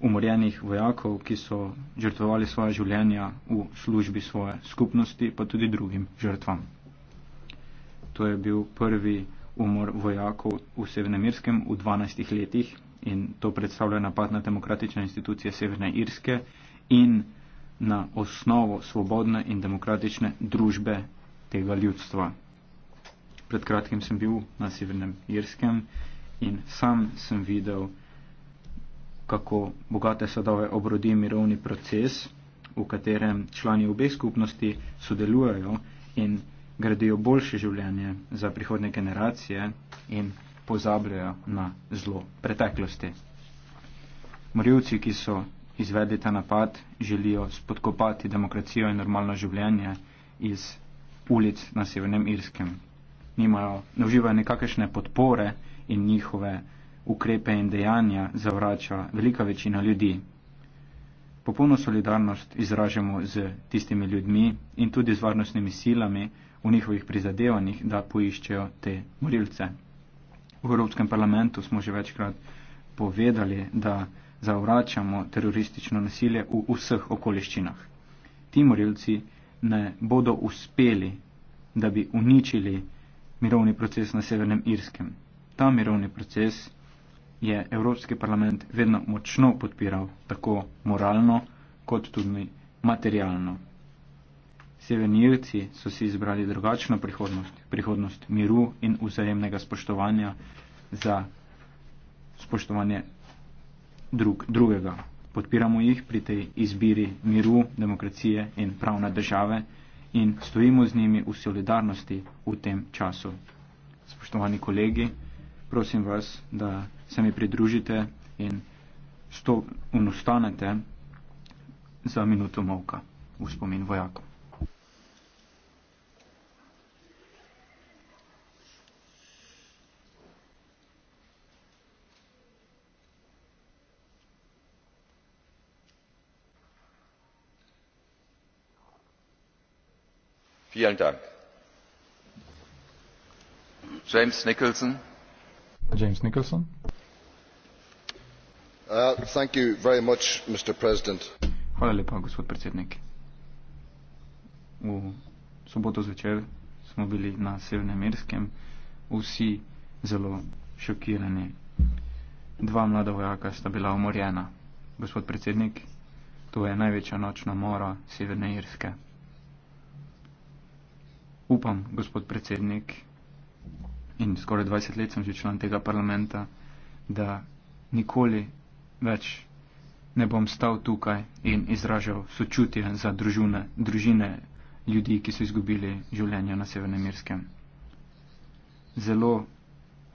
umorjenih vojakov, ki so žrtvovali svoje življenja v službi svoje skupnosti, pa tudi drugim žrtvam. To je bil prvi umor vojakov v Severnemirskem v 12 letih in to predstavlja napad na demokratične institucije Severne Irske in na osnovo svobodne in demokratične družbe tega ljudstva. Pred kratkim sem bil na Severnem Irskem in sam sem videl, kako bogate sadove obrodi mirovni proces, v katerem člani obeh skupnosti sodelujejo in gradijo boljše življenje za prihodne generacije in pozabljajo na zlo preteklosti. Morilci, ki so izvedli ta napad, želijo spodkopati demokracijo in normalno življenje iz ulic na Severnem Irskem. Nimajo, ne uživajo nekakšne podpore in njihove ukrepe in dejanja zavrača velika večina ljudi. Popolno solidarnost izražamo z tistimi ljudmi in tudi z varnostnimi silami v njihovih prizadevanjih, da poiščejo te morilce. V Evropskem parlamentu smo že večkrat povedali, da zavračamo teroristično nasilje v vseh okoliščinah. Ti morilci ne bodo uspeli, da bi uničili mirovni proces na Severnem Irskem. Ta mirovni proces je Evropski parlament vedno močno podpiral tako moralno kot tudi materialno. Severni Irci so si izbrali drugačno prihodnost, prihodnost miru in vzajemnega spoštovanja za spoštovanje drug, drugega. Podpiramo jih pri tej izbiri miru, demokracije in pravne države in stojimo z njimi v solidarnosti v tem času. Spoštovani kolegi, prosim vas, da se mi pridružite in sto unostanete za minuto molka v spomin vojakom. Vielen Dank. James Nicholson. James Nicholson. Uh, Hvala lepa, gospod predsednik. V soboto zvečer smo bili na Severnem Irskem vsi zelo šokirani. Dva mlada vojaka sta bila umorjena. Gospod predsednik, to je največja nočna mora Severne Irske. Upam, gospod predsednik, in skoraj 20 let sem že član tega parlamenta, da nikoli več ne bom stal tukaj in izražal sočutje za družine, družine ljudi, ki so izgubili življenje na Severnemirskem. Zelo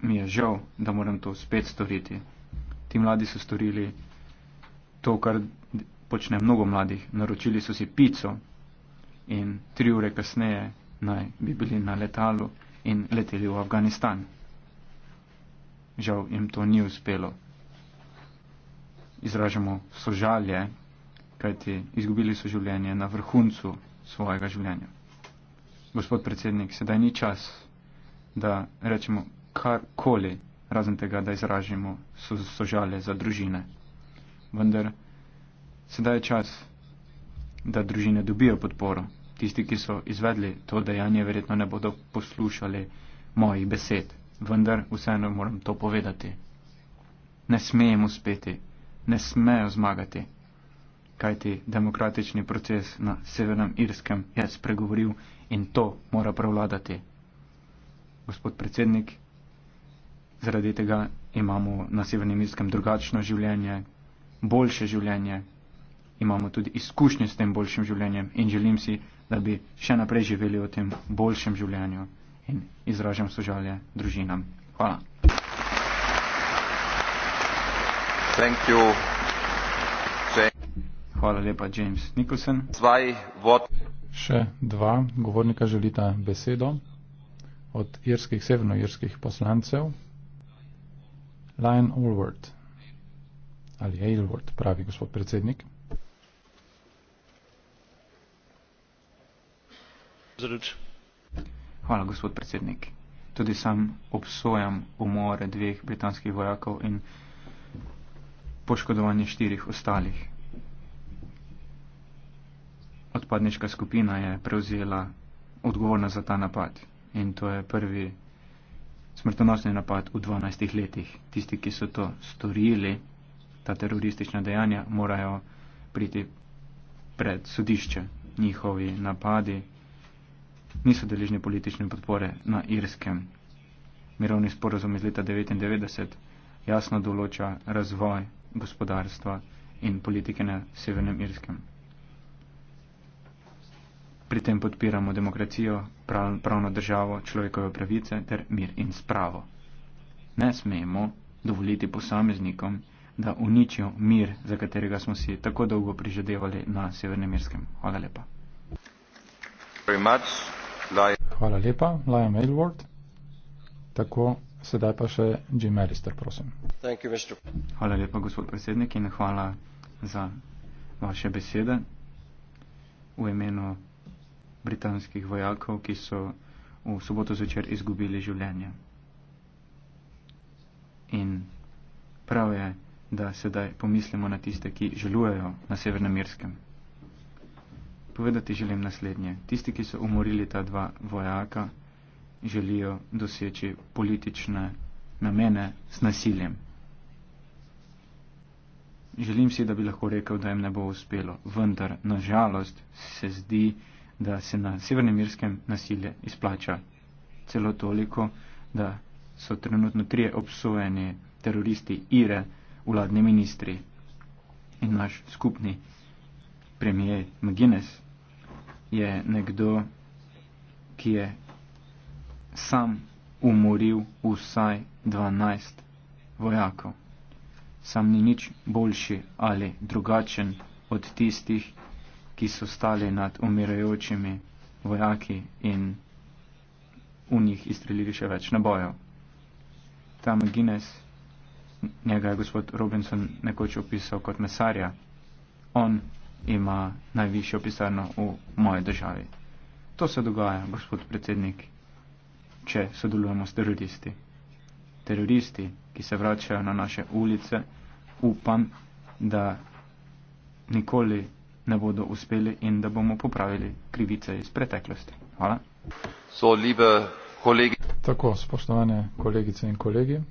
mi je žal, da moram to spet storiti. Ti mladi so storili to, kar počne mnogo mladih. Naročili so si pico in tri ure kasneje naj bi bili na letalu in leteli v Afganistan. Žal jim to ni uspelo izražamo sožalje, kajti izgubili so življenje na vrhuncu svojega življenja. Gospod predsednik, sedaj ni čas, da rečemo karkoli, razen tega, da izražimo so, sožalje za družine. Vendar sedaj je čas, da družine dobijo podporo. Tisti, ki so izvedli to dejanje, verjetno ne bodo poslušali mojih besed. Vendar vseeno moram to povedati. Ne smejemo speti ne smejo zmagati. Kajti demokratični proces na Severnem Irskem je spregovoril in to mora prevladati. Gospod predsednik, zaradi tega imamo na Severnem Irskem drugačno življenje, boljše življenje, imamo tudi izkušnje s tem boljšim življenjem in želim si, da bi še naprej živeli v tem boljšem življenju in izražam sožalje družinam. Hvala. Thank you. Hvala lepa, James Nicholson. Zvaj, Še dva govornika želita besedo od irskih, severnoirskih poslancev. Lion Allward ali Aylward, pravi gospod predsednik. Zruč. Hvala, gospod predsednik. Tudi sam obsojam umore dveh britanskih vojakov in poškodovanje štirih ostalih. Odpadniška skupina je prevzela odgovorna za ta napad in to je prvi smrtonosni napad v 12 letih. Tisti, ki so to storili, ta teroristična dejanja, morajo priti pred sodišče. Njihovi napadi niso deležni politične podpore na Irskem. Mirovni sporozum iz leta 1999 jasno določa razvoj gospodarstva in politike na Severnem Irskem. Pri tem podpiramo demokracijo, prav, pravno državo, človekove pravice ter mir in spravo. Ne smemo dovoliti posameznikom, da uničijo mir, za katerega smo si tako dolgo prižadevali na Severnem Irskem. Hvala lepa. Hvala lepa, Lion Aylward. Tako Sedaj pa še Jim Alistair, prosim. You, hvala lepa, gospod predsednik, in hvala za vaše besede v imenu britanskih vojakov, ki so v soboto zvečer izgubili življenje. In prav je, da sedaj pomislimo na tiste, ki želujejo na Severnem Irskem. Povedati želim naslednje. Tisti, ki so umorili ta dva vojaka, želijo doseči politične namene z nasiljem. Želim si, da bi lahko rekel, da jim ne bo uspelo, vendar na žalost se zdi, da se na severnemirskem nasilje izplača celo toliko, da so trenutno trije obsojeni teroristi Ire, vladni ministri in naš skupni premijer McGuinness je nekdo, ki je sam umoril vsaj 12 vojakov. Sam ni nič boljši ali drugačen od tistih, ki so stali nad umirajočimi vojaki in v njih izstrelili še več nabojev. Ta Maginez, njega je gospod Robinson nekoč opisal kot mesarja, on ima najvišjo pisarno v moji državi. To se dogaja, gospod predsednik če sodelujemo s teroristi. Teroristi, ki se vračajo na naše ulice, upam, da nikoli ne bodo uspeli in da bomo popravili krivice iz preteklosti. Hvala. So, liebe kolegi. Tako, spoštovane kolegice in kolegi,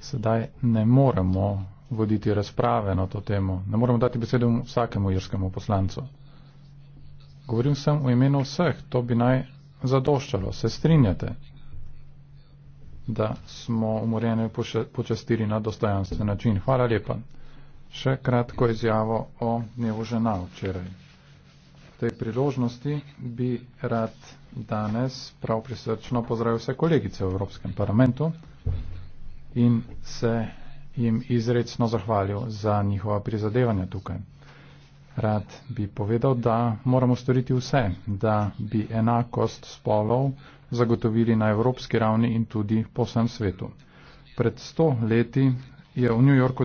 sedaj ne moremo voditi razprave na to temo. Ne moremo dati besede vsakemu irskemu poslancu. Govorim sem v imenu vseh. To bi naj zadoščalo. Se strinjate, da smo umorjene počastili na dostojanstven način. Hvala lepa. Še kratko izjavo o dnevu žena včeraj. V tej priložnosti bi rad danes prav prisrčno pozdravil vse kolegice v Evropskem parlamentu in se jim izredno zahvalil za njihova prizadevanja tukaj. Rad bi povedal, da moramo storiti vse, da bi enakost spolov zagotovili na evropski ravni in tudi po vsem svetu. Pred sto leti je v New Yorku